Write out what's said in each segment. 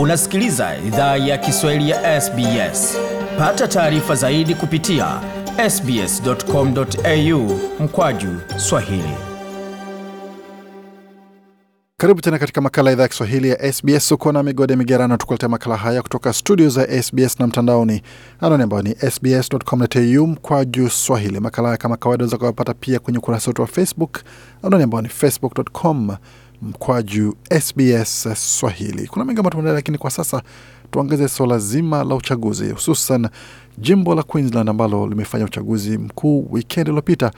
Unasikiliza idhaa ya Kiswahili ya SBS. Pata taarifa zaidi kupitia sbs.com.au mkwaju swahili. Karibu tena katika makala idhaa ya Kiswahili ya SBS. ukona Migode Migerano tukuletea makala haya kutoka studio za SBS na mtandaoni, anaoni ambayo ni sbs.com.au mkwaju swahili. Makala haya kama kawaida unaweza kuyapata pia kwenye ukurasa wetu wa Facebook, anaoni ambayo ni facebook.com mkwaju SBS Swahili. Kuna mengi ambayo tumeandalia, lakini kwa sasa tuangaze suala zima la uchaguzi, hususan jimbo la Queensland ambalo limefanya uchaguzi mkuu wikend iliyopita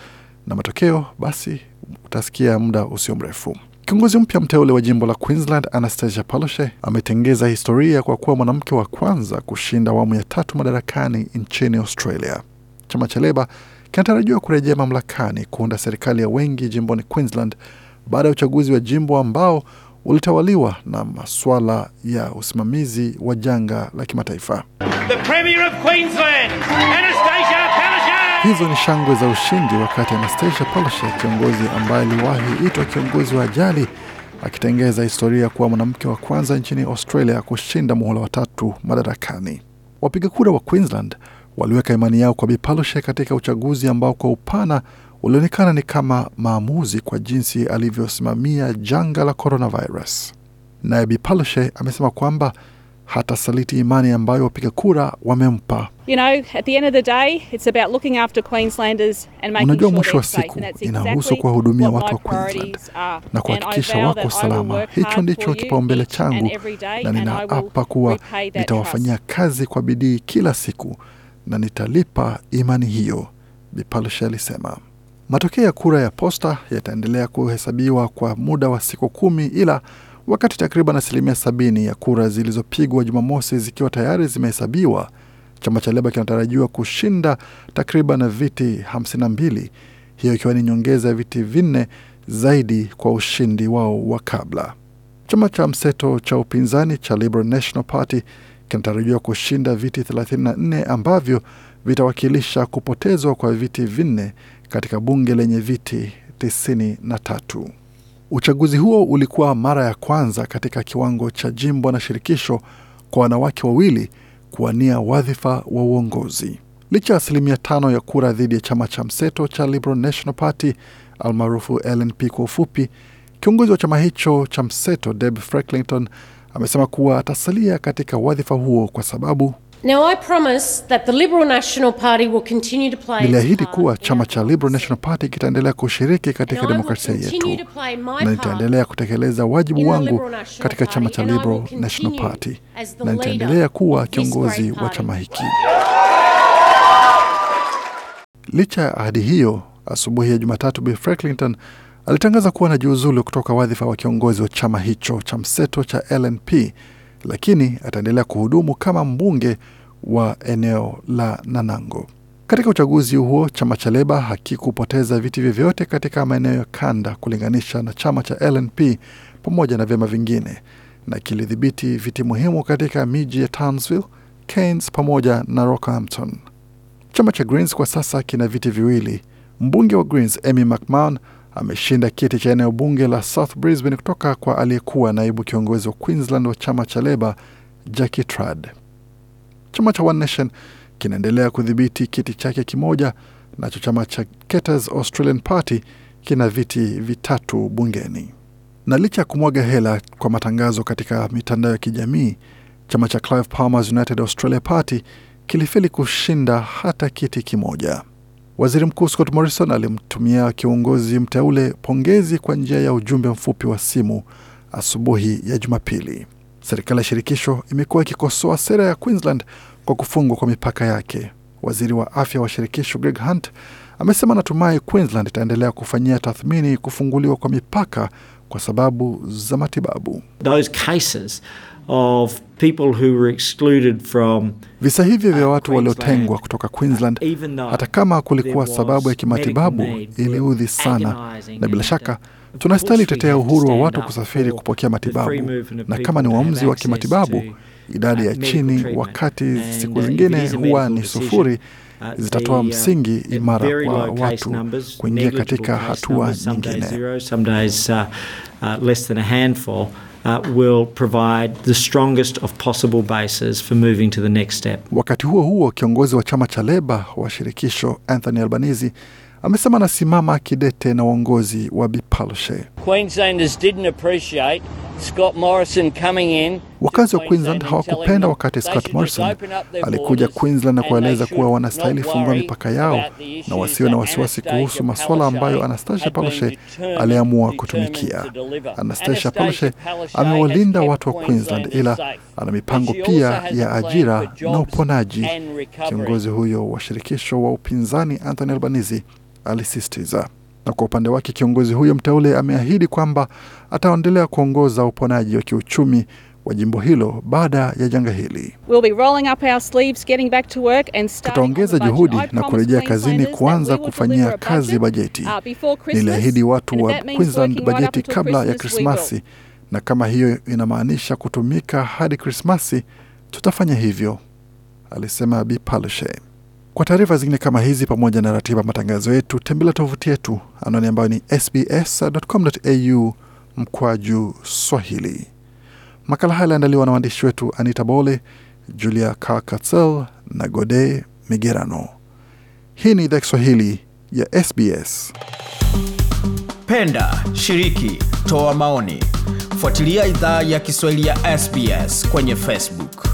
na matokeo basi utasikia muda usio mrefu. Kiongozi mpya mteule wa jimbo la Queensland Anastasia Paloshe ametengeza historia kwa kuwa mwanamke wa kwanza kushinda awamu ya tatu madarakani nchini Australia. Chama cha Leba kinatarajiwa kurejea mamlakani kuunda serikali ya wengi jimboni Queensland baada ya uchaguzi wa jimbo ambao ulitawaliwa na masuala ya usimamizi wa janga la kimataifa. Hizo ni shangwe za ushindi wakati Anastasia Palaszczuk, kiongozi ambaye aliwahi itwa kiongozi wa ajali, akitengeza historia kuwa mwanamke wa kwanza nchini Australia kushinda muhula watatu madarakani. Wapiga kura wa Queensland waliweka imani yao kwa Bi Palaszczuk katika uchaguzi ambao kwa upana ulionekana ni kama maamuzi kwa jinsi alivyosimamia janga la coronavirus. Naye Bipalshe amesema kwamba hatasaliti imani ambayo wapiga kura wamempa. You know, unajua mwisho wa siku inahusu kuwahudumia watu wa Queensland na kuhakikisha wako salama. Hicho ndicho kipaumbele changu, na ninaapa kuwa nitawafanyia kazi kwa bidii kila siku na nitalipa imani hiyo, Bipalshe alisema. Matokeo ya kura ya posta yataendelea kuhesabiwa kwa muda wa siku kumi, ila wakati takriban asilimia sabini ya kura zilizopigwa Jumamosi zikiwa tayari zimehesabiwa, chama cha Leba kinatarajiwa kushinda takriban viti 52, hiyo ikiwa ni nyongeza ya viti vinne zaidi kwa ushindi wao wa kabla. Chama cha mseto cha upinzani cha Liberal National Party kinatarajiwa kushinda viti 34 ambavyo vitawakilisha kupotezwa kwa viti vinne katika bunge lenye viti 93 Uchaguzi huo ulikuwa mara ya kwanza katika kiwango cha jimbo na shirikisho kwa wanawake wawili kuwania wadhifa wa uongozi. Licha ya asilimia tano ya kura dhidi ya chama cha mseto cha Liberal National Party almaarufu LNP kwa ufupi, kiongozi wa chama hicho cha mseto Deb Frecklington amesema kuwa atasalia katika wadhifa huo kwa sababu Niliahidi kuwa chama cha Liberal National Party kitaendelea kushiriki katika demokrasia yetu na nitaendelea kutekeleza wajibu wangu katika chama cha Liberal National Party na nitaendelea kuwa kiongozi wa chama hiki. Licha ya ahadi hiyo, asubuhi ya Jumatatu, bill Franklington alitangaza kuwa anajiuzulu kutoka wadhifa wa kiongozi wa chama hicho cha mseto cha LNP lakini ataendelea kuhudumu kama mbunge wa eneo la Nanango. Katika uchaguzi huo chama cha Leba hakikupoteza viti vyovyote katika maeneo ya kanda kulinganisha na chama cha LNP pamoja na vyama vingine, na kilidhibiti viti muhimu katika miji ya Townsville, kans pamoja na Rockhampton. Chama cha Greens kwa sasa kina viti viwili. Mbunge wa Greens Amy McMahon ameshinda kiti cha eneo bunge la South Brisbane kutoka kwa aliyekuwa naibu kiongozi wa Queensland wa chama cha Leba Jackie Trad. Chama cha One Nation kinaendelea kudhibiti kiti chake kimoja, nacho chama cha Katter's Australian Party kina viti vitatu bungeni. Na licha ya kumwaga hela kwa matangazo katika mitandao ya kijamii, chama cha Clive Palmer's United Australia Party kilifeli kushinda hata kiti kimoja. Waziri Mkuu Scott Morrison alimtumia kiongozi mteule pongezi kwa njia ya ujumbe mfupi wa simu asubuhi ya Jumapili. Serikali ya shirikisho imekuwa ikikosoa sera ya Queensland kwa kufungwa kwa mipaka yake. Waziri wa afya wa shirikisho Greg Hunt amesema anatumai Queensland itaendelea kufanyia tathmini kufunguliwa kwa mipaka kwa sababu za matibabu. Those cases of Visa hivyo vya uh, watu waliotengwa kutoka uh, Queensland, hata kama kulikuwa sababu ya kimatibabu, iliudhi sana, na bila shaka tunastahili tetea uhuru wa watu kusafiri kupokea matibabu, na kama ni uamuzi wa kimatibabu, idadi ya chini, wakati siku zingine huwa ni sufuri, uh, zitatoa msingi imara kwa watu kuingia katika hatua nyingine. Uh, will provide the strongest of possible bases for moving to the next step. Wakati huo huo, kiongozi wa chama cha Leba wa shirikisho Anthony Albanese amesema anasimama kidete na uongozi wa Bi Queenslanders didn't appreciate Wakazi wa Queensland hawakupenda wakati Scott Morrison alikuja Queensland na kueleza kuwa wanastahili fungua mipaka yao na wasiwe na wasiwasi kuhusu masuala ambayo Anastasia Palaszczuk aliamua kutumikia. Anastasia Palaszczuk amewalinda watu wa Queensland, ila ana mipango pia ya ajira na uponaji. Kiongozi huyo wa shirikisho wa upinzani Anthony Albanese alisisitiza. Na kwa upande wake kiongozi huyo mteule ameahidi kwamba ataendelea kuongoza uponaji wa kiuchumi wa jimbo hilo baada ya janga hili. Tutaongeza juhudi na kurejea kazini kuanza kufanyia kazi uh, bajeti. Niliahidi watu wa Queensland bajeti kabla ya Krismasi, na kama hiyo inamaanisha kutumika hadi Krismasi, tutafanya hivyo, alisema Bi Palaszczuk. Kwa taarifa zingine kama hizi pamoja na ratiba matangazo yetu, tembelea tovuti yetu anwani ambayo ni sbs.com.au mkwaju swahili. Makala haya aliandaliwa na waandishi wetu Anita Bole, Julia Carcassel na Gode Migerano. Hii ni idhaa Kiswahili ya SBS. Penda, shiriki, toa maoni, fuatilia idhaa ya Kiswahili ya SBS kwenye Facebook.